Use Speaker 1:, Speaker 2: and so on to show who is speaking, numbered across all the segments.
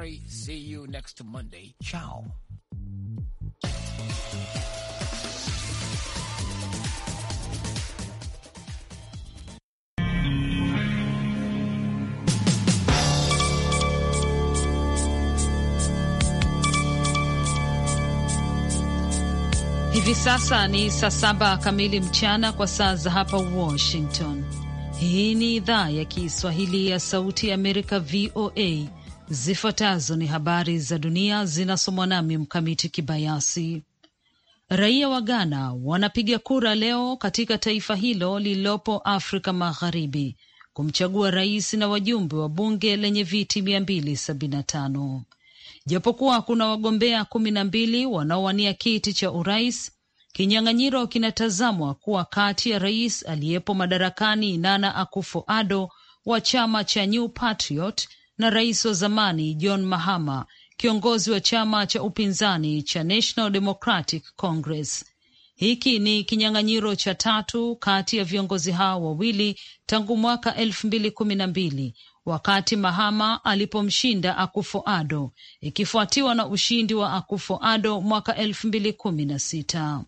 Speaker 1: Shomari. See you next Monday. Ciao.
Speaker 2: Hivi sasa ni saa saba
Speaker 3: kamili mchana kwa saa za hapa Washington. Hii ni idhaa ya Kiswahili ya Sauti ya Amerika, VOA. Zifuatazo ni habari za dunia zinasomwa nami Mkamiti Kibayasi. Raia wa Ghana wanapiga kura leo katika taifa hilo lililopo Afrika Magharibi kumchagua rais na wajumbe wa bunge lenye viti mia mbili sabini na tano. Japokuwa kuna wagombea kumi na mbili wanaowania kiti cha urais, kinyang'anyiro kinatazamwa kuwa kati ya rais aliyepo madarakani Nana akufo Ado wa chama cha New Patriot na rais wa zamani John Mahama, kiongozi wa chama cha upinzani cha National Democratic Congress. Hiki ni kinyang'anyiro cha tatu kati ya viongozi hao wawili tangu mwaka elfu mbili kumi na mbili wakati Mahama alipomshinda akufo Ado, ikifuatiwa na ushindi wa akufo Ado mwaka elfu mbili kumi na sita.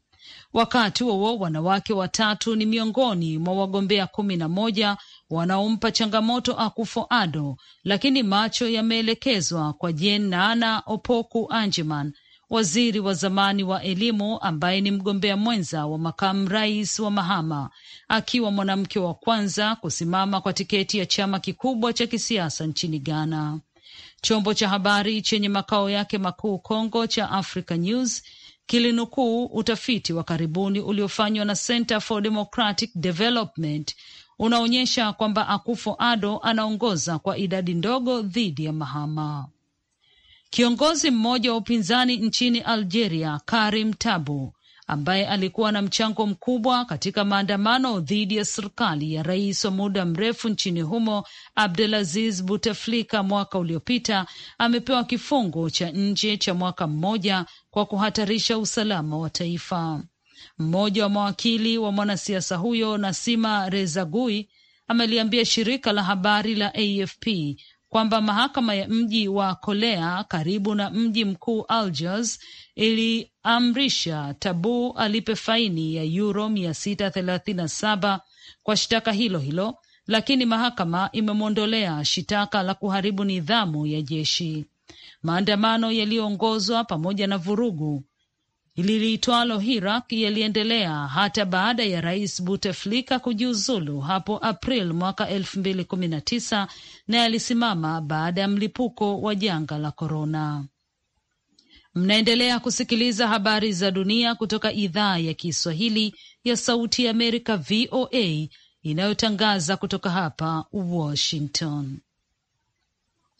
Speaker 3: Wakati huo wanawake watatu ni miongoni mwa wagombea kumi na moja wanaompa changamoto Akufo-Addo, lakini macho yameelekezwa kwa Jen Naana opoku angeman waziri wa zamani wa elimu ambaye ni mgombea mwenza wa makamu rais wa Mahama, akiwa mwanamke wa kwanza kusimama kwa tiketi ya chama kikubwa cha kisiasa nchini Ghana. Chombo cha habari chenye makao yake makuu congo cha Africa News kilinukuu utafiti wa karibuni uliofanywa na Center for Democratic Development unaonyesha kwamba akufo ado anaongoza kwa idadi ndogo dhidi ya Mahama. Kiongozi mmoja wa upinzani nchini Algeria, Karim Tabu, ambaye alikuwa na mchango mkubwa katika maandamano dhidi ya serikali ya rais wa muda mrefu nchini humo Abdelaziz Buteflika mwaka uliopita, amepewa kifungo cha nje cha mwaka mmoja kwa kuhatarisha usalama wa taifa. Mmoja wa mawakili wa mwanasiasa huyo Nasima Rezagui ameliambia shirika la habari la AFP kwamba mahakama ya mji wa Kolea karibu na mji mkuu Algiers iliamrisha Tabu alipe faini ya yuro 637 kwa shtaka hilo hilo, lakini mahakama imemwondolea shitaka la kuharibu nidhamu ya jeshi. Maandamano yaliyoongozwa pamoja na vurugu liliitwalo Hirak yaliendelea hata baada ya Rais Buteflika kujiuzulu hapo April mwaka elfu mbili kumi na tisa na yalisimama baada ya mlipuko wa janga la korona. Mnaendelea kusikiliza habari za dunia kutoka idhaa ya Kiswahili ya Sauti ya Amerika, VOA, inayotangaza kutoka hapa Washington.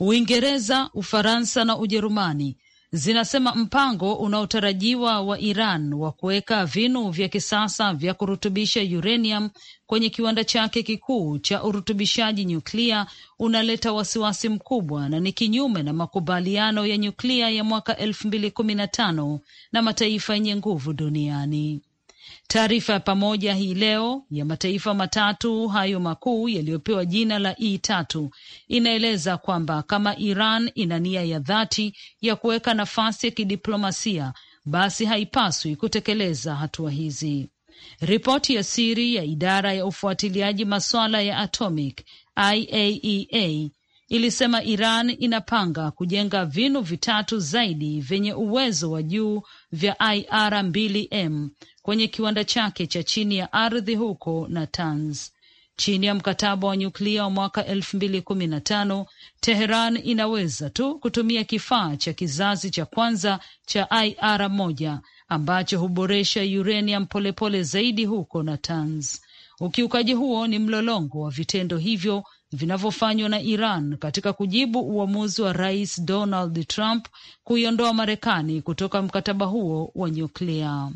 Speaker 3: Uingereza, Ufaransa na Ujerumani zinasema mpango unaotarajiwa wa Iran wa kuweka vinu vya kisasa vya kurutubisha uranium kwenye kiwanda chake kikuu cha urutubishaji nyuklia unaleta wasiwasi mkubwa na ni kinyume na makubaliano ya nyuklia ya mwaka elfu mbili kumi na tano na mataifa yenye nguvu duniani. Taarifa ya pamoja hii leo ya mataifa matatu hayo makuu yaliyopewa jina la E3 inaeleza kwamba kama Iran ina nia ya dhati ya kuweka nafasi ya kidiplomasia, basi haipaswi kutekeleza hatua hizi. Ripoti ya siri ya idara ya ufuatiliaji masuala ya atomic IAEA e ilisema Iran inapanga kujenga vinu vitatu zaidi vyenye uwezo wa juu vya IR2M kwenye kiwanda chake cha chini ya ardhi huko Natanz. Chini ya mkataba wa nyuklia wa mwaka elfu mbili kumi na tano Teheran inaweza tu kutumia kifaa cha kizazi cha kwanza cha IR moja ambacho huboresha uranium polepole zaidi huko Natanz. Ukiukaji huo ni mlolongo wa vitendo hivyo vinavyofanywa na Iran katika kujibu uamuzi wa Rais Donald Trump kuiondoa Marekani kutoka mkataba huo wa nyuklia.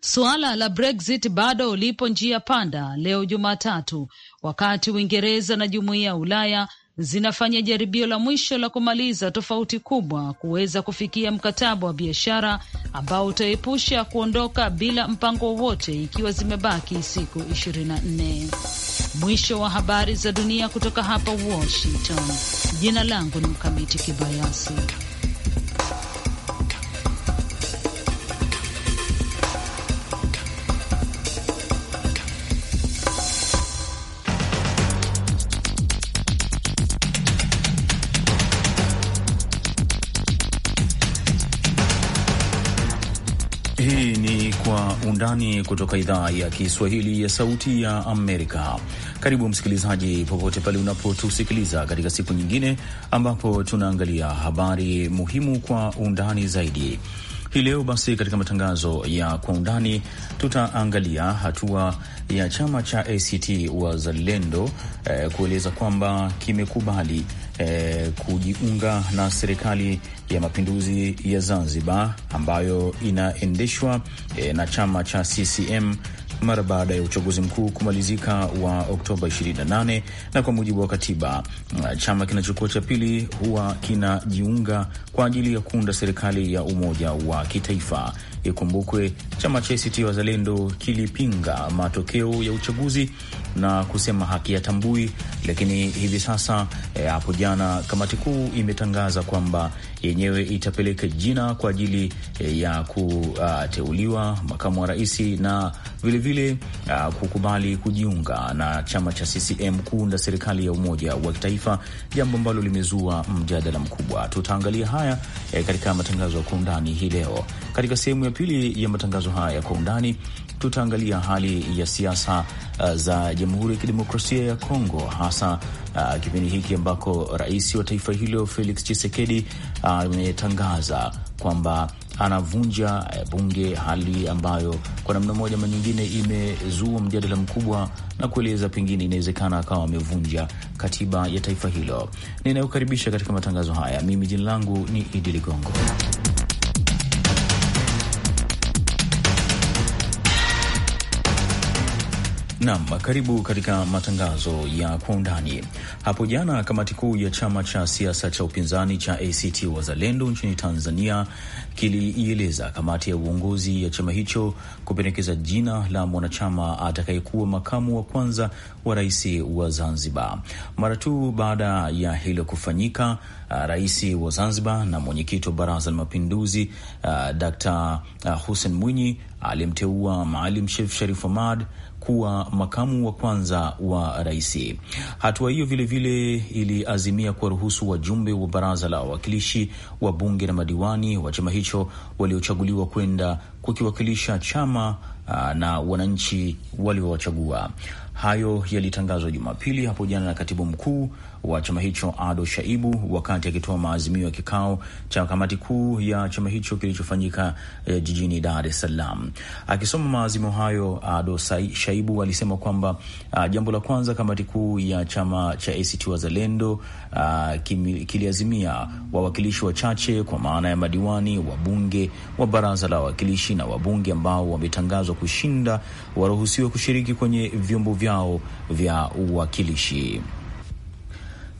Speaker 3: Suala la Brexit bado lipo njia panda leo Jumatatu, wakati Uingereza na jumuiya ya Ulaya zinafanya jaribio la mwisho la kumaliza tofauti kubwa kuweza kufikia mkataba wa biashara ambao utaepusha kuondoka bila mpango wowote, ikiwa zimebaki siku 24. Mwisho wa habari za dunia kutoka hapa Washington. Jina langu ni Mkamiti Kibayasi.
Speaker 4: Hii ni Kwa Undani kutoka idhaa ya Kiswahili ya Sauti ya Amerika. Karibu msikilizaji, popote pale unapotusikiliza katika siku nyingine ambapo tunaangalia habari muhimu kwa undani zaidi. Hii leo basi, katika matangazo ya kwa undani tutaangalia hatua ya chama cha ACT Wazalendo eh, kueleza kwamba kimekubali eh, kujiunga na serikali ya mapinduzi ya Zanzibar ambayo inaendeshwa eh, na chama cha CCM mara baada ya uchaguzi mkuu kumalizika wa Oktoba 28, na kwa mujibu wa katiba chama kinachokuwa cha pili huwa kinajiunga kwa ajili ya kuunda serikali ya umoja wa kitaifa. Ikumbukwe chama cha ACT Wazalendo kilipinga matokeo ya uchaguzi na kusema hakiyatambui lakini hivi sasa eh, hapo e, jana kamati kuu imetangaza kwamba yenyewe itapeleka jina kwa ajili e, ya kuteuliwa makamu wa rais na vilevile vile, ah, kukubali kujiunga na chama cha CCM kuunda serikali ya umoja wa kitaifa, jambo ambalo limezua mjadala mkubwa. Tutaangalia haya e, katika matangazo ya kwa undani hii leo. Katika sehemu ya pili ya matangazo haya ya kwa undani tutaangalia hali ya siasa uh, za Jamhuri ya Kidemokrasia ya Kongo hasa uh, kipindi hiki ambako rais wa taifa hilo Felix Tshisekedi uh, ametangaza uh, kwamba anavunja eh, bunge, hali ambayo kwa namna moja ama nyingine imezua mjadala mkubwa na kueleza pengine inawezekana akawa amevunja katiba ya taifa hilo. Ninayokaribisha katika matangazo haya, mimi jina langu ni Idi Ligongo. Nam, karibu katika matangazo ya kwa undani. Hapo jana kamati kuu ya chama cha siasa cha upinzani cha ACT Wazalendo nchini Tanzania kiliieleza kamati ya uongozi ya chama hicho kupendekeza jina la mwanachama atakayekuwa makamu wa kwanza wa rais wa Zanzibar. Mara tu baada ya hilo kufanyika, uh, rais wa Zanzibar na mwenyekiti wa Baraza la Mapinduzi uh, Dkt. Hussein Mwinyi alimteua Maalim Sheikh Sharif Hamad kuwa makamu wa kwanza wa rais. Hatua hiyo vilevile iliazimia kuwaruhusu wajumbe wa baraza la wawakilishi wa bunge na madiwani wa chama hicho waliochaguliwa kwenda kukiwakilisha chama na wananchi waliowachagua. Hayo yalitangazwa Jumapili hapo jana na katibu mkuu wa chama hicho Ado Shaibu wakati akitoa maazimio ya kikao cha kamati kuu ya chama hicho kilichofanyika eh, jijini Dar es Salaam. Akisoma maazimio hayo, Ado Shaibu alisema kwamba ah, jambo la kwanza kamati kuu ya chama cha ACT Wazalendo ah, kiliazimia wawakilishi wachache kwa maana ya madiwani, wabunge wa baraza la wawakilishi na wabunge ambao wametangazwa kushinda waruhusiwe kushiriki kwenye vyombo vyao vya uwakilishi.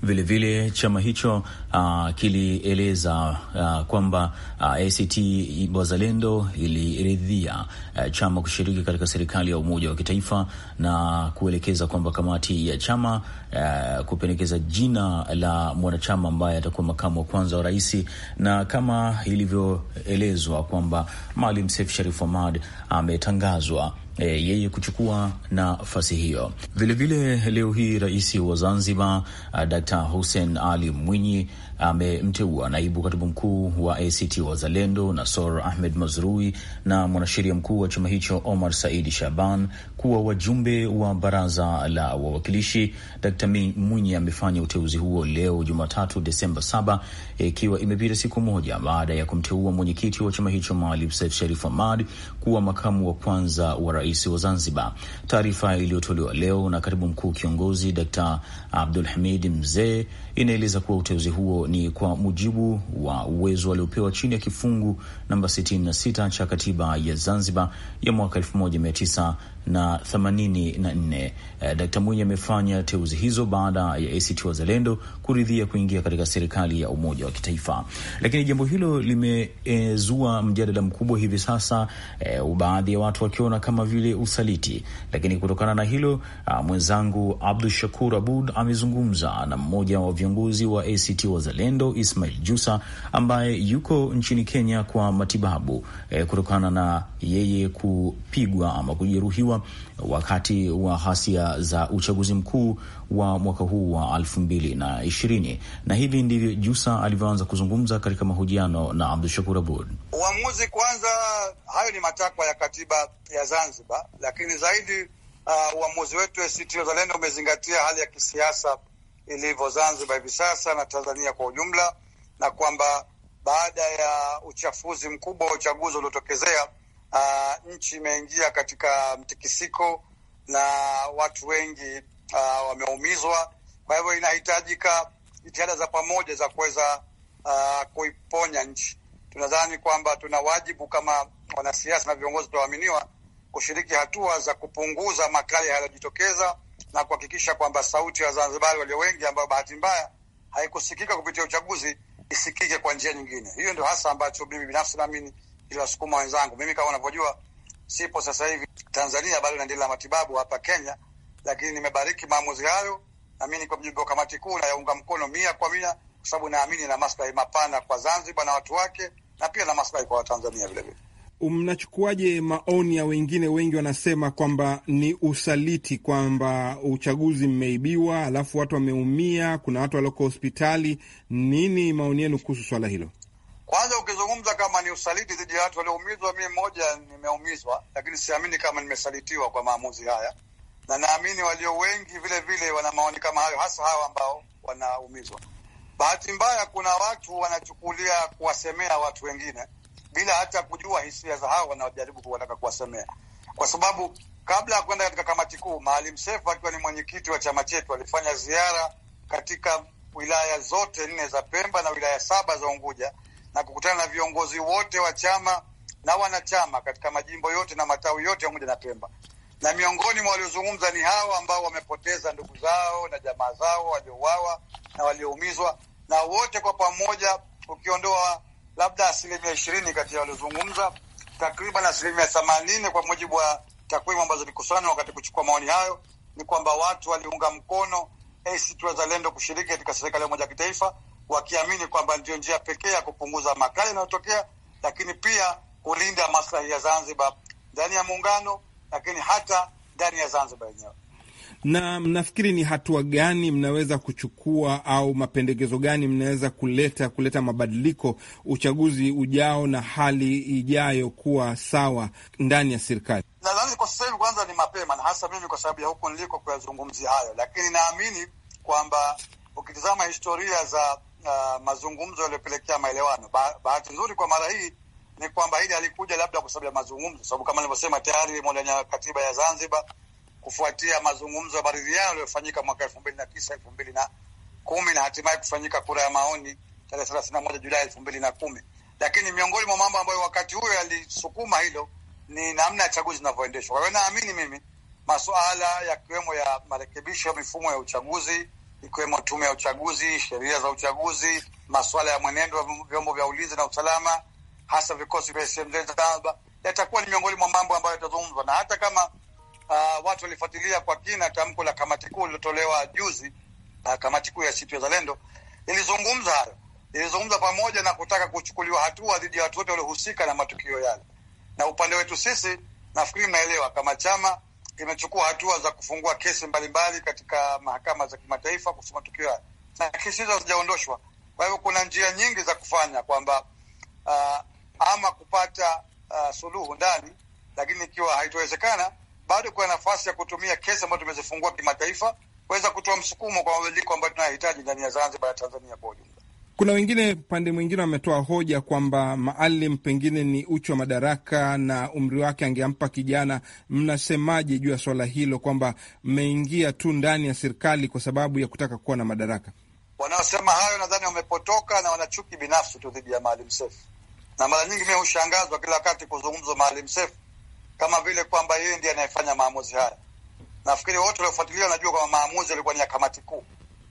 Speaker 4: Vilevile chama hicho uh, kilieleza uh, kwamba uh, ah, ACT Wazalendo iliridhia uh, chama kushiriki katika serikali ya umoja wa kitaifa na kuelekeza kwamba kamati ya chama uh, kupendekeza jina la mwanachama ambaye atakuwa makamu wa kwanza wa rais, na kama ilivyoelezwa kwamba Maalim Seif Sharif Hamad ametangazwa e, yeye kuchukua nafasi hiyo. Vilevile leo hii rais wa Zanzibar Dkt. Hussein Ali Mwinyi amemteua naibu katibu mkuu wa ACT Wazalendo Nasor Ahmed Mazrui na mwanasheria mkuu wa chama hicho Omar Saidi Shaban kuwa wajumbe wa baraza la wawakilishi. Dkt Mwinyi amefanya uteuzi huo leo Jumatatu, Desemba saba, ikiwa e, imepita siku moja baada ya kumteua mwenyekiti wa chama hicho Maalim Seif Sharif Ahmad kuwa makamu wa kwanza wa rais wa Zanzibar. Taarifa iliyotolewa leo na katibu mkuu kiongozi Dkt Abdul Hamid Mzee inaeleza kuwa uteuzi huo ni kwa mujibu wa uwezo waliopewa chini ya kifungu namba 66 cha katiba ya Zanzibar ya mwaka 19 na themanini na nne. Eh, Dkt. Mwinyi amefanya teuzi hizo baada ya ACT Wazalendo kuridhia kuingia katika serikali ya umoja wa kitaifa, lakini jambo hilo limezua e, mjadala mkubwa hivi sasa e, baadhi ya watu wakiona kama vile usaliti. Lakini kutokana na hilo a, ah, mwenzangu Abdu Shakur Abud amezungumza na mmoja wa viongozi wa ACT Wazalendo Ismail Jusa ambaye yuko nchini Kenya kwa matibabu e, kutokana na yeye kupigwa ama kujeruhiwa kuchaguliwa wakati wa ghasia za uchaguzi mkuu wa mwaka huu wa elfu mbili na ishirini na hivi ndivyo Jusa alivyoanza kuzungumza katika mahojiano na Abdu Shakur Abud.
Speaker 5: Uamuzi kwanza, hayo ni matakwa ya katiba ya Zanzibar, lakini zaidi uh, uamuzi wetu ACT Wazalendo umezingatia hali ya kisiasa ilivyo Zanzibar hivi sasa na Tanzania kwa ujumla, na kwamba baada ya uchafuzi mkubwa wa uchaguzi uliotokezea uh, nchi imeingia katika mtikisiko na watu wengi uh, wameumizwa. Kwa hivyo inahitajika jitihada za pamoja za kuweza uh, kuiponya nchi. Tunadhani kwamba tuna wajibu kama wanasiasa na viongozi tunaoaminiwa kushiriki hatua za kupunguza makali yanayojitokeza na kuhakikisha kwamba sauti ya Wazanzibari walio wengi ambayo bahati mbaya haikusikika kupitia uchaguzi isikike kwa njia nyingine. Hiyo ndio hasa ambacho mimi binafsi naamini ili wasukuma wenzangu. Mimi kama unavyojua, sipo sasa hivi Tanzania, bado naendelea matibabu hapa Kenya, lakini nimebariki maamuzi hayo, na mimi niko mjumbe wa kamati kuu na yaunga mkono mia kwa mia, kwa sababu naamini na maslahi mapana kwa Zanzibar na watu wake, na pia na maslahi kwa Watanzania vilevile.
Speaker 6: Um, mnachukuaje maoni ya wengine? Wengi wanasema kwamba ni usaliti, kwamba uchaguzi mmeibiwa, alafu watu wameumia, kuna watu walioko hospitali. Nini maoni yenu kuhusu swala hilo?
Speaker 5: Kwanza ukizungumza kama ni usaliti dhidi ya watu walioumizwa, mi mmoja nimeumizwa, lakini siamini kama nimesalitiwa kwa maamuzi haya, na naamini walio wengi vile vile wana maoni kama hayo, hasa hawa ambao wanaumizwa. Bahati mbaya, kuna watu wanachukulia kuwasemea watu wengine bila hata kujua hisia za hawa wanaojaribu kuwataka kuwasemea, kwa sababu kabla ya kuenda katika kamati kuu, Maalim Sefu akiwa ni mwenyekiti wa chama chetu alifanya ziara katika wilaya zote nne za Pemba na wilaya saba za Unguja na kukutana na viongozi wote wa chama na wanachama katika majimbo yote na matawi yote pamoja na Pemba, na miongoni mwa waliozungumza ni hawa ambao wamepoteza ndugu zao na jamaa zao waliouawa na walioumizwa, na wote kwa pamoja, ukiondoa labda asilimia ishirini kati ya waliozungumza, takriban asilimia themanini kwa mujibu wa takwimu ambazo zilikusanywa wakati kuchukua maoni hayo, ni kwamba watu waliunga mkono ACT Wazalendo kushiriki katika serikali ya umoja wa kitaifa wakiamini kwamba ndio njia pekee ya kupunguza makali yanayotokea, lakini pia kulinda maslahi ya Zanzibar ndani ya muungano, lakini hata ndani ya Zanzibar yenyewe.
Speaker 6: Na mnafikiri ni hatua gani mnaweza kuchukua au mapendekezo gani mnaweza kuleta kuleta mabadiliko uchaguzi ujao na hali ijayo kuwa sawa ndani ya serikali? Nadhani kwa sasa hivi kwanza ni mapema, na hasa mimi kwa
Speaker 5: sababu ya huko niliko kuyazungumzia hayo, lakini naamini kwamba ukitizama historia za uh, mazungumzo yaliyopelekea maelewano. Ba, bahati nzuri kwa mara hii ni kwamba hili alikuja labda kwa sababu ya mazungumzo, sababu kama nilivyosema tayari limeondonya katiba ya Zanzibar kufuatia mazungumzo ya maridhiano yaliyofanyika mwaka elfu mbili na tisa elfu mbili na kumi na hatimaye kufanyika kura ya maoni tarehe thelathini na moja Julai elfu mbili na kumi. Lakini miongoni mwa mambo ambayo wakati huyo yalisukuma hilo ni namna ya chaguzi zinavyoendeshwa. Kwa hiyo naamini mimi masuala yakiwemo ya marekebisho ya mifumo ya uchaguzi ikiwemo tume ya uchaguzi, sheria za uchaguzi, masuala ya mwenendo wa vyombo vya ulinzi na usalama, hasa vikosi vya SMZ7 yatakuwa ni miongoni mwa mambo ambayo yatazungumzwa, na hata kama uh, watu walifuatilia kwa kina tamko la kamati kuu lililotolewa juzi uh, kamati kuu ya ACT Wazalendo ilizungumza hayo, ilizungumza pamoja na kutaka kuchukuliwa hatua dhidi ya watu wote waliohusika na matukio yale. Na upande wetu sisi, nafikiri mnaelewa kama chama imechukua hatua za kufungua kesi mbalimbali katika mahakama za kimataifa kuhusu tukio hayo, na kesi hizo hazijaondoshwa. Kwa hivyo kuna njia nyingi za kufanya kwamba uh, ama kupata uh, suluhu ndani, lakini ikiwa haitowezekana, bado kuna nafasi ya kutumia kesi ambayo tumezifungua kimataifa kuweza kutoa msukumo kwa mabadiliko ambayo tunayohitaji ndani ya Zanzibar ya Tanzania kwa
Speaker 6: kuna wengine pande mwingine wametoa hoja kwamba Maalim pengine ni uchu wa madaraka na umri wake angeampa kijana. Mnasemaje juu ya swala hilo kwamba mmeingia tu ndani ya serikali kwa sababu ya kutaka kuwa na madaraka? Wanaosema hayo
Speaker 5: nadhani wamepotoka na wana chuki binafsi tu dhidi ya Maalim Seif, na mara nyingi mimi hushangazwa kila wakati kuzungumzwa Maalim Seif kama vile kwamba yeye ndiye anayefanya maamuzi haya. Nafikiri wote waliofuatilia wanajua kwamba maamuzi yalikuwa ni ya kamati kuu,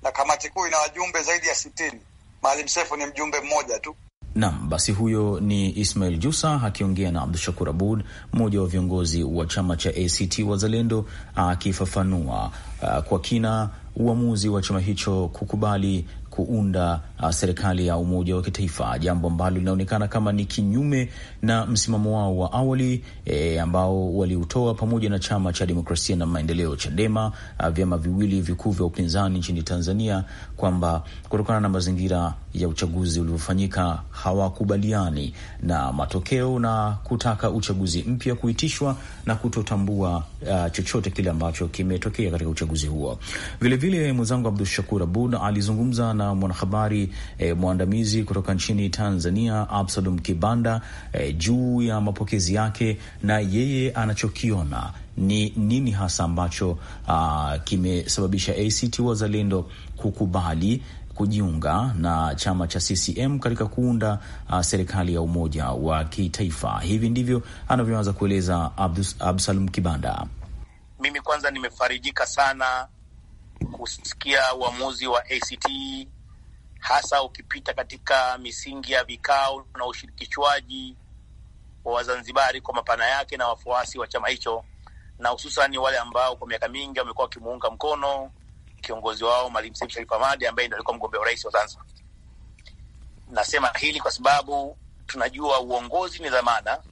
Speaker 5: na kamati kuu ina wajumbe zaidi ya sitini Maalim Seif ni mjumbe mmoja tu.
Speaker 4: Naam, basi huyo ni Ismail Jusa akiongea na Abdu Shakur Abud, mmoja wa viongozi wa chama cha ACT Wazalendo, akifafanua uh, kwa kina uamuzi wa chama hicho kukubali kuunda uh, serikali ya umoja wa kitaifa, jambo ambalo linaonekana kama ni kinyume na msimamo wao wa awali e, ambao waliutoa pamoja na chama cha demokrasia na maendeleo Chadema, uh, vyama viwili vikuu vya upinzani nchini Tanzania, kwamba kutokana na mazingira ya uchaguzi uliofanyika hawakubaliani na matokeo na kutaka uchaguzi mpya kuitishwa na kutotambua uh, chochote kile ambacho kimetokea katika uchaguzi huo. Vilevile mwenzangu Abdu Shakur Abud alizungumza na mwanahabari e, mwandamizi kutoka nchini Tanzania Absalom Kibanda e, juu ya mapokezi yake na yeye anachokiona ni nini hasa ambacho kimesababisha ACT Wazalendo kukubali kujiunga na chama cha CCM katika kuunda uh, serikali ya umoja wa kitaifa. Hivi ndivyo anavyoanza kueleza Abdus, Absalom Kibanda.
Speaker 1: Mimi kwanza nimefarijika sana kusikia uamuzi wa ACT hasa ukipita katika misingi ya vikao na ushirikishwaji wa Wazanzibari kwa mapana yake na wafuasi wa chama hicho, na hususani wale ambao kwa miaka mingi wamekuwa wakimuunga mkono kiongozi wao Mwalimu Seif Sharif Hamad ambaye ndiye alikuwa mgombea urais wa Zanzibar. Nasema hili kwa sababu tunajua uongozi ni dhamana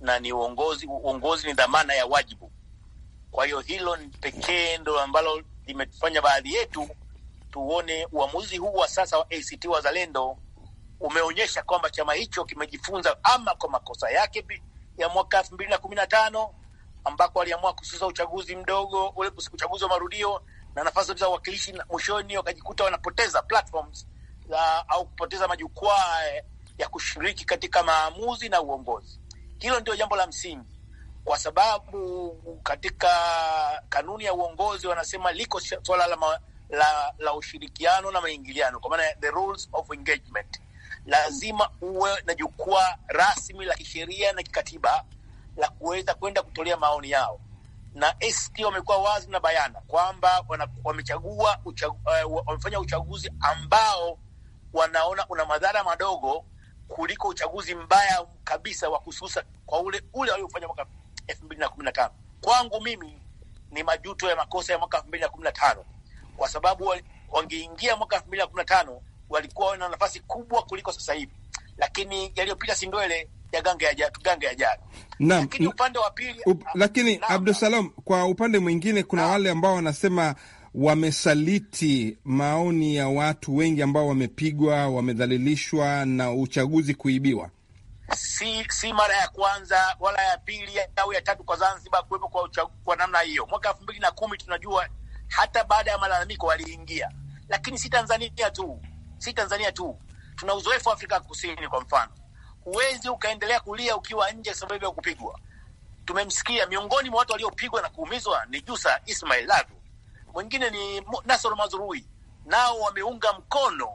Speaker 1: na ni uongozi, uongozi ni dhamana ya wajibu. Kwa hiyo hilo pekee ndo ambalo limetufanya baadhi yetu tuone uamuzi huu wa sasa wa ACT Wazalendo umeonyesha kwamba chama hicho kimejifunza ama kwa makosa yake ya mwaka elfu mbili na kumi na tano ambako waliamua kususa uchaguzi mdogo ule, uchaguzi wa marudio na nafasi zote za uwakilishi, mwishoni wakajikuta wanapoteza platforms za, au kupoteza majukwaa eh, ya kushiriki katika maamuzi na uongozi. Hilo ndio jambo la msingi kwa sababu katika kanuni ya uongozi wanasema liko swala la, la, la ushirikiano na maingiliano, kwa maana the rules of engagement. Lazima uwe na jukwaa rasmi la kisheria na kikatiba la kuweza kwenda kutolea maoni yao, na ST wamekuwa wazi na bayana kwamba wamechagua uh, wamefanya uchaguzi ambao wanaona una madhara madogo kuliko uchaguzi mbaya kabisa wa kususa kwa ule ule waliofanya mwaka elfu mbili na kumi na tano kwangu mimi ni majuto ya makosa ya mwaka elfu mbili na kumi na tano kwa sababu wangeingia mwaka elfu mbili na kumi na tano walikuwa na nafasi kubwa kuliko sasa hivi, lakini yaliyopita si ndwele ya ganga ya ganga ya
Speaker 6: lakini upande wa pili up, lakini Abdusalam, kwa upande mwingine kuna na wale ambao wanasema wamesaliti maoni ya watu wengi ambao wamepigwa, wamedhalilishwa na uchaguzi kuibiwa
Speaker 1: si, si mara ya kwanza wala ya pili au ya tatu kwa Zanzibar kuwepo kwa uchaguzi kwa namna hiyo. Mwaka elfu mbili na kumi tunajua hata baada ya malalamiko waliingia, lakini si Tanzania tu, si Tanzania tu, tuna uzoefu wa Afrika Kusini kwa mfano. Huwezi ukaendelea kulia ukiwa nje sababu ya kupigwa. Tumemsikia miongoni mwa watu waliopigwa na kuumizwa ni Jusa Ismail Lado, mwingine ni Nasoro Mazurui, nao wameunga mkono,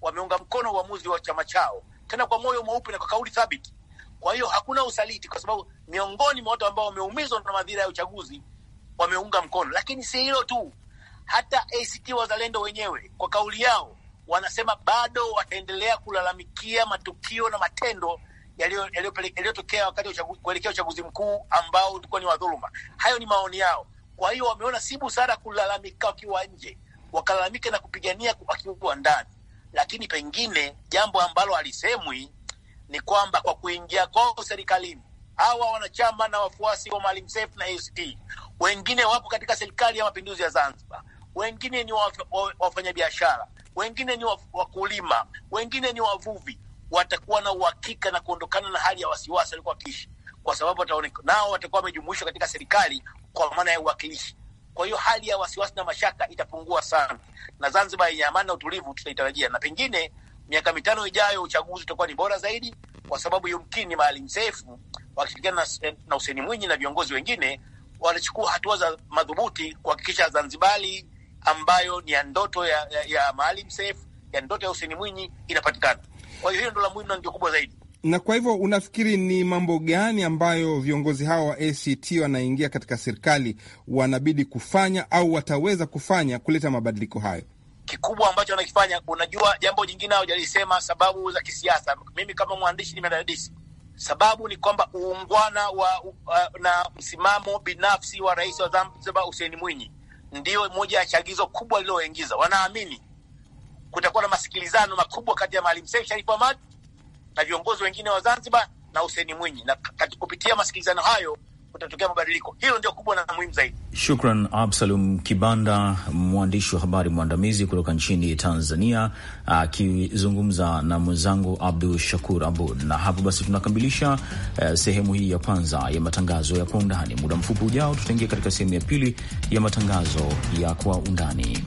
Speaker 1: wameunga mkono uamuzi wa chama chao tena kwa moyo mweupe na kwa kauli thabiti. Kwa hiyo hakuna usaliti, kwa sababu miongoni mwa watu ambao wameumizwa na madhira ya uchaguzi wameunga mkono. Lakini si hilo tu, hata ACT Wazalendo wenyewe kwa kauli yao wanasema bado wataendelea kulalamikia matukio na matendo yaliyotokea wakati kuelekea uchaguzi mkuu ambao ulikuwa ni wadhuluma. Hayo ni maoni yao. Kwa hiyo wameona si busara kulalamika wakiwa nje, wakalalamike na kupigania wakiwa ndani lakini pengine jambo ambalo halisemwi ni kwamba kwa kuingia kwao serikalini hawa wanachama na wafuasi wa Maalim Seif na ACT wengine wapo katika serikali ya mapinduzi ya Zanzibar, wengine ni wafanyabiashara, wengine ni wakulima, wengine ni wavuvi. Watakuwa na uhakika na kuondokana na hali ya wasiwasi walikuwa wakiishi, kwa sababu nao watakuwa wamejumuishwa katika serikali kwa maana ya uwakilishi. Kwa hiyo hali ya wasiwasi na mashaka itapungua sana, na Zanzibar yenye amani na utulivu tutaitarajia, na pengine miaka mitano ijayo uchaguzi utakuwa ni bora zaidi, kwa sababu yumkini Maalim Seif wakishirikiana na useni Mwinyi na viongozi wengine wanachukua hatua za madhubuti kuhakikisha Zanzibari ambayo ni ya ndoto ya, ya, ya Maalim Seif ya ndoto ya useni Mwinyi inapatikana. Kwa hiyo hiyo ndo la muhimu na ndio
Speaker 6: kubwa zaidi. Na kwa hivyo unafikiri ni mambo gani ambayo viongozi hawa wa ACT wanaingia katika serikali wanabidi kufanya au wataweza kufanya kuleta mabadiliko hayo?
Speaker 1: Kikubwa ambacho wanakifanya, unajua, jambo jingine hawajalisema, sababu za kisiasa. Mimi kama mwandishi nimedadisi, sababu ni kwamba uungwana wa uh, na msimamo binafsi wa rais wa Zanzibar Hussein Mwinyi ndiyo moja ya chagizo kubwa lililoingiza. Wanaamini kutakuwa na masikilizano makubwa kati ya Maalim Seif Sharif Hamad na viongozi wengine wa Zanzibar na huseni Mwinyi, na kupitia masikilizano hayo kutatokea mabadiliko. Hilo ndio kubwa na muhimu zaidi.
Speaker 4: Shukran, Absalom Kibanda, mwandishi wa habari mwandamizi kutoka nchini Tanzania, akizungumza na mwenzangu Abdu Shakur Abud. Na hapo basi tunakamilisha eh, sehemu hii ya kwanza ya matangazo ya kwa undani. Muda mfupi ujao, tutaingia katika sehemu ya pili ya matangazo ya kwa undani.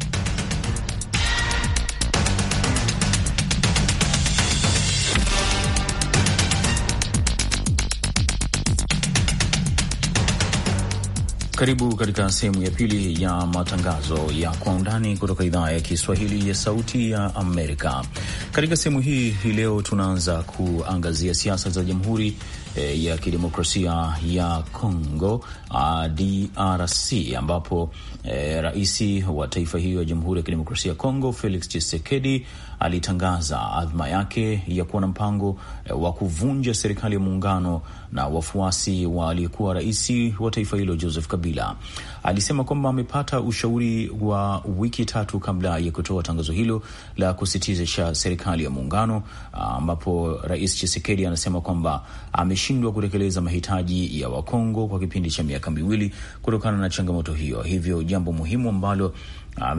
Speaker 4: Karibu katika sehemu ya pili ya matangazo ya kwa undani kutoka idhaa ya Kiswahili ya Sauti ya Amerika. Katika sehemu hii hii leo tunaanza kuangazia siasa za Jamhuri eh, ya kidemokrasia ya Congo uh, DRC ambapo eh, rais wa taifa hiyo ya Jamhuri ya Kidemokrasia ya Kongo Felix Tshisekedi alitangaza azma yake ya kuwa na mpango eh, wa kuvunja serikali ya muungano na wafuasi wa aliyekuwa rais wa taifa hilo Joseph Kabila. Alisema kwamba amepata ushauri wa wiki tatu kabla ya kutoa tangazo hilo la kusitisha serikali ya muungano ambapo rais Tshisekedi anasema kwamba amesh kushindwa kutekeleza mahitaji ya Wakongo kwa kipindi cha miaka miwili kutokana na changamoto hiyo. Hivyo jambo muhimu ambalo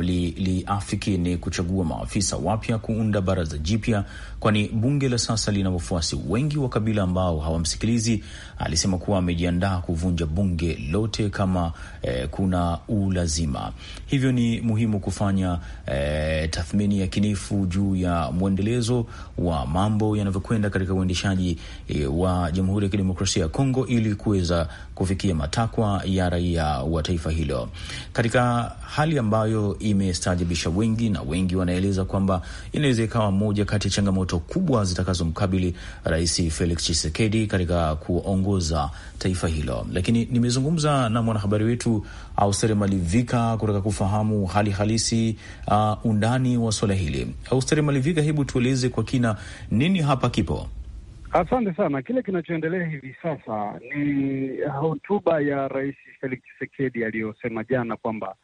Speaker 4: liafiki ah, li ni kuchagua maafisa wapya, kuunda baraza jipya kwani bunge la sasa lina wafuasi wengi wa kabila ambao hawamsikilizi. Alisema kuwa amejiandaa kuvunja bunge lote kama eh, kuna ulazima. Hivyo ni muhimu kufanya eh, tathmini ya kinifu juu ya mwendelezo wa mambo yanavyokwenda katika uendeshaji eh, wa Jamhuri ya Kidemokrasia ya Kongo ili kuweza kufikia matakwa ya raia wa taifa hilo katika hali ambayo imestajabisha wengi, na wengi wanaeleza kwamba inaweza ikawa moja kati ya changamoto changamoto kubwa zitakazomkabili Rais Felix Tshisekedi katika kuongoza taifa hilo. Lakini nimezungumza na mwanahabari wetu Austere Malivika kutaka kufahamu hali halisi, uh, undani wa suala hili. Austere Malivika, hebu tueleze kwa kina nini hapa kipo.
Speaker 2: Asante sana. Kile kinachoendelea hivi sasa ni hotuba ya Rais Felix Tshisekedi aliyosema jana kwamba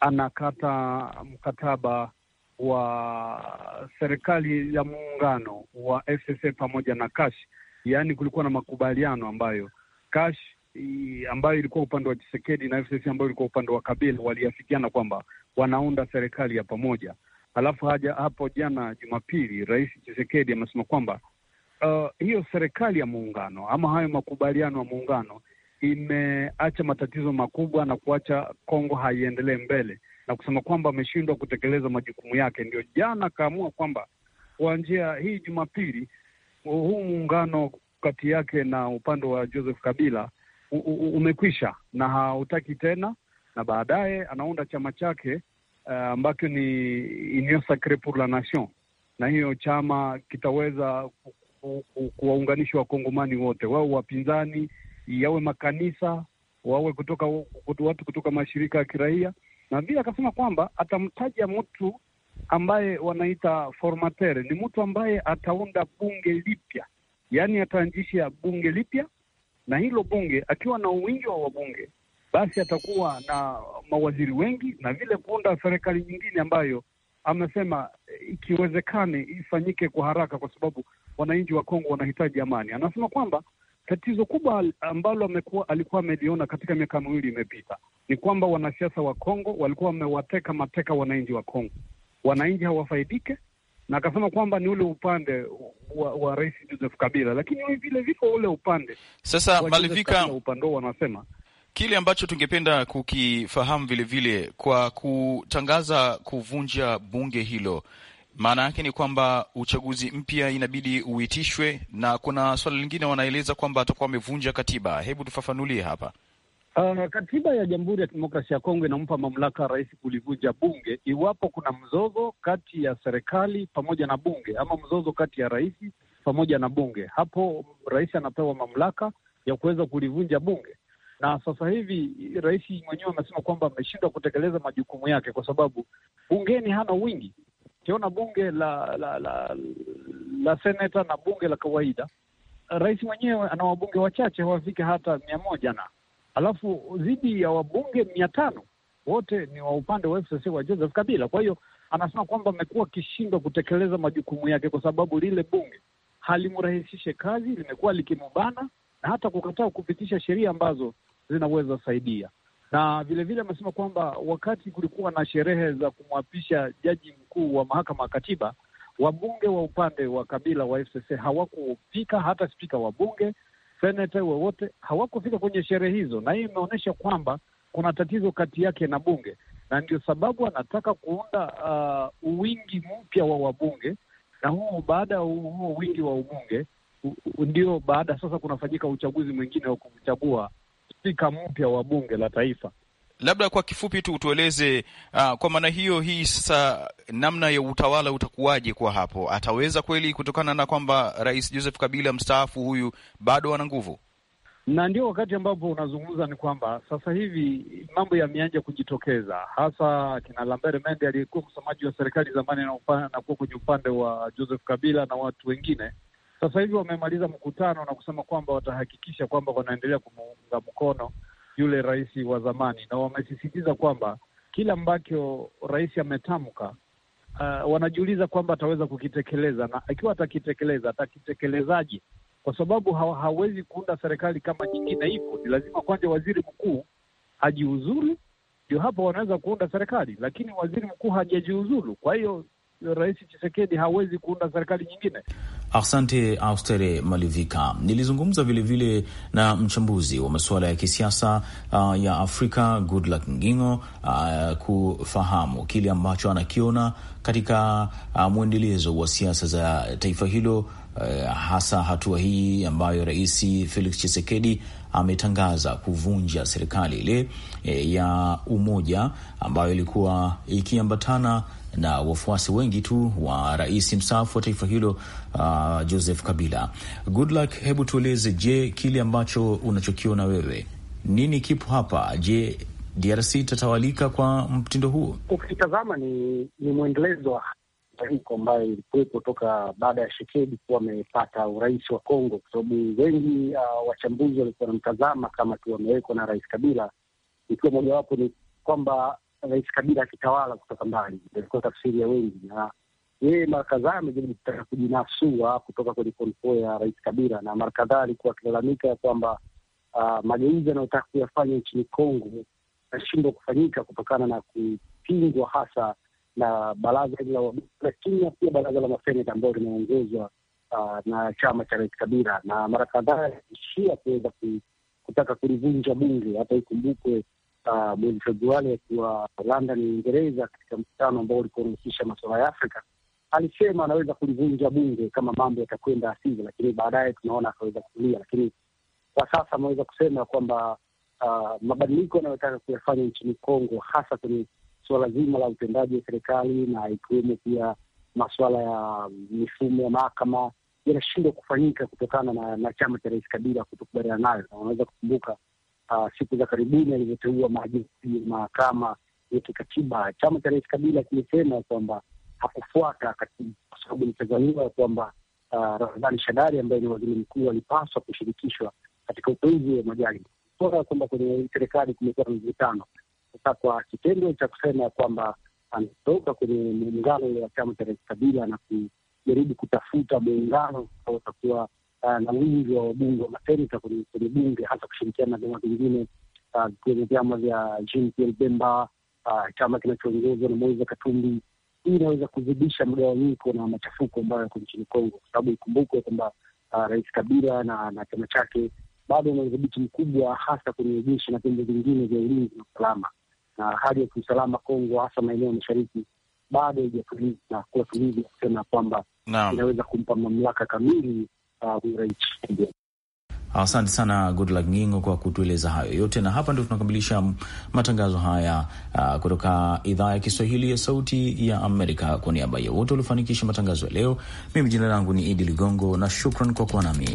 Speaker 2: anakata mkataba wa serikali ya muungano wa FCC pamoja na Kash, yaani kulikuwa na makubaliano ambayo Kash ambayo ilikuwa upande wa Chisekedi na FCC ambayo ilikuwa upande wa Kabila waliafikiana kwamba wanaunda serikali ya pamoja. Alafu haja hapo jana Jumapili, Rais Chisekedi amesema kwamba uh, hiyo serikali ya muungano ama hayo makubaliano ya muungano imeacha matatizo makubwa na kuacha Kongo haiendelee mbele na kusema kwamba ameshindwa kutekeleza majukumu yake, ndio jana akaamua kwamba kuanzia hii Jumapili huu muungano kati yake na upande wa Joseph Kabila u, u, umekwisha na hautaki tena, na baadaye anaunda chama chake eh, ambacho uh, ni Union Sacree pour la Nation, na hiyo chama kitaweza kuwaunganisha wakongomani wote, wawe wapinzani, yawe makanisa, wawe kutoka watu kutoka mashirika ya kiraia na vile akasema kwamba atamtaja mtu ambaye wanaita formatere, ni mtu ambaye ataunda bunge lipya, yaani ataanzisha bunge lipya, na hilo bunge akiwa na uwingi wa wabunge, basi atakuwa na mawaziri wengi, na vile kuunda serikali nyingine ambayo amesema eh, ikiwezekane ifanyike kwa haraka, kwa sababu wananchi wa Kongo wanahitaji amani. Anasema kwamba Tatizo kubwa ambalo amekuwa alikuwa ameliona katika miaka miwili imepita ni kwamba wanasiasa wa Kongo walikuwa wamewateka mateka wananchi wa Kongo, wananchi hawafaidike, na akasema kwamba ni ule upande wa, wa Rais Joseph Kabila, lakini vile viko ule upande sasa malivika upande wanasema
Speaker 4: kile ambacho tungependa kukifahamu vilevile, kwa kutangaza kuvunja bunge hilo maana yake ni kwamba uchaguzi mpya inabidi uitishwe, na kuna swala lingine wanaeleza kwamba atakuwa amevunja katiba. Hebu tufafanulie hapa.
Speaker 2: Uh, katiba ya Jamhuri ya Kidemokrasia ya Kongo inampa mamlaka rais kulivunja bunge iwapo kuna mzozo kati ya serikali pamoja na bunge ama mzozo kati ya rais pamoja na bunge. Hapo rais anapewa mamlaka ya kuweza kulivunja bunge, na sasa hivi rais mwenyewe amesema kwamba ameshindwa kutekeleza majukumu yake kwa sababu bungeni hana wingi. Ukiona bunge la la, la la seneta na bunge la kawaida, rais mwenyewe ana wabunge wachache, wafike hata mia moja na alafu dhidi ya wabunge mia tano wote ni wa upande wa FCC wa Joseph Kabila. Kwa hiyo anasema kwamba amekuwa akishindwa kutekeleza majukumu yake kwa sababu lile bunge halimrahisishe kazi, limekuwa likimubana na hata kukataa kupitisha sheria ambazo zinaweza saidia na vilevile amesema vile kwamba wakati kulikuwa na sherehe za kumwapisha jaji mkuu wa mahakama ya katiba, wabunge wa upande wa kabila wa FCC hawakufika, hata spika wa bunge, senete wowote hawakufika kwenye sherehe hizo, na hii imeonyesha kwamba kuna tatizo kati yake na bunge, na ndio sababu anataka kuunda uh, wingi mpya wa wabunge, na huo baada ya huo wingi wa ubunge ndio baada sasa kunafanyika uchaguzi mwingine wa kumchagua spika mpya wa bunge la taifa.
Speaker 4: Labda kwa kifupi tu utueleze, uh, kwa maana hiyo hii sasa namna ya utawala utakuwaje kwa hapo? Ataweza kweli kutokana na kwamba Rais Joseph Kabila mstaafu huyu bado ana nguvu?
Speaker 2: Na ndio wakati ambapo unazungumza ni kwamba sasa hivi mambo yameanza kujitokeza, hasa kina Lambert Mende aliyekuwa msemaji wa serikali zamani na kuwa kwenye upande wa Joseph Kabila na watu wengine sasa hivi wamemaliza mkutano na kusema kwamba watahakikisha kwamba wanaendelea kumuunga mkono yule rais wa zamani, na wamesisitiza kwamba kila ambacho rais ametamka Uh, wanajiuliza kwamba ataweza kukitekeleza, na akiwa atakitekeleza atakitekelezaje Kwa sababu ha hawezi kuunda serikali kama nyingine ipo, ni lazima kwanza waziri mkuu ajiuzulu, ndio hapo wanaweza kuunda serikali, lakini waziri mkuu hajajiuzulu. Kwa hiyo Rais Chisekedi hawezi kuunda serikali nyingine.
Speaker 4: Asante Austere Malivika. Nilizungumza vilevile vile na mchambuzi wa masuala ya kisiasa uh, ya Afrika Goodluck Ngingo uh, kufahamu kile ambacho anakiona katika uh, mwendelezo wa siasa za taifa hilo uh, hasa hatua hii ambayo Rais Felix Chisekedi ametangaza kuvunja serikali ile e, ya umoja ambayo ilikuwa ikiambatana na wafuasi wengi tu wa rais mstaafu wa taifa hilo uh, Joseph Kabila. Goodluck, hebu tueleze, je, kile ambacho unachokiona wewe, nini kipo hapa? Je, DRC itatawalika kwa mtindo huo?
Speaker 7: Ukitazama ni, ni mwendelezo wa tariko ambayo ilikuwepo toka baada ya Shekedi kuwa amepata urais wa Kongo, kwa sababu wengi uh, wachambuzi walikuwa wanamtazama kama tu wamewekwa na rais Kabila, ikiwa mojawapo ni kwamba Rais Kabila akitawala kutoka mbali, ilikuwa tafsiri ya wengi, na yeye mara kadhaa amejaribu kutaka kujinasua kutoka kwenye konfo ya Rais Kabila, na mara kadhaa alikuwa akilalamika ya kwamba uh, mageuzi anayotaka kuyafanya nchini Kongo nashindwa kufanyika kutokana na kupingwa hasa na baraza hili la wabunge, lakini pia baraza la maseneta ambayo linaongozwa uh, na chama cha Rais Kabila, na mara kadhaa aliishia kuweza kutaka kulivunja bunge. Hata ikumbukwe uh, mwezi Februari akiwa London, Uingereza, katika mkutano ambao ulikuwa unahusisha masuala ya Afrika, alisema anaweza kulivunja bunge kama mambo yatakwenda asivyo, lakini baadaye tunaona akaweza kutulia. Lakini kwa sasa ameweza kusema kwamba uh, mabadiliko anayotaka kuyafanya nchini Kongo, hasa kwenye suala zima la utendaji wa serikali na ikiwemo pia masuala ya mifumo ya mahakama yanashindwa kufanyika kutokana na, na chama cha Rais Kabila kutokubaliana nayo, na unaweza kukumbuka uh, siku za karibuni alivyoteua majaji mahakama ya kikatiba. Chama cha Rais Kabila kimesema kwamba hakufuata katiba kwa sababu ilitazamiwa kwamba uh, Ramadhani Shadari ambaye ni waziri mkuu alipaswa kushirikishwa katika uteuzi wa majaji kutoka kwamba kwenye serikali kumekuwa na mvutano sasa kwa kitendo cha kusema kwamba anatoka kwenye muungano wa chama cha Rais Kabila na kujaribu kutafuta muungano utakuwa Uh, na wingi wa wabunge wa maseneta kwenye bunge, hasa kushirikiana na vyama vingine uh, kwenye vyama vya Jean Pierre Bemba, uh, chama kinachoongozwa na Moise Katumbi. Hii inaweza kuzidisha mgawanyiko na machafuko ambayo yako nchini Kongo, kwa sababu ikumbukwe kwamba Rais Kabila na, na chama chake bado ana udhibiti mkubwa hasa kwenye jeshi na vyombo vingine vya ulinzi na usalama, na hali ya kiusalama Kongo, hasa maeneo ya mashariki, bado haijatuliza na kuwa tulivu kusema kwamba inaweza kumpa mamlaka kamili
Speaker 4: uh, uraichunge. Asante sana Goodluck Ngingo kwa kutueleza hayo yote, na hapa ndio tunakamilisha matangazo haya uh, kutoka idhaa ya Kiswahili ya Sauti ya Amerika. Kwa niaba ya wote waliofanikisha matangazo ya leo, mimi jina langu ni Idi Ligongo na shukran kwa kuwa nami.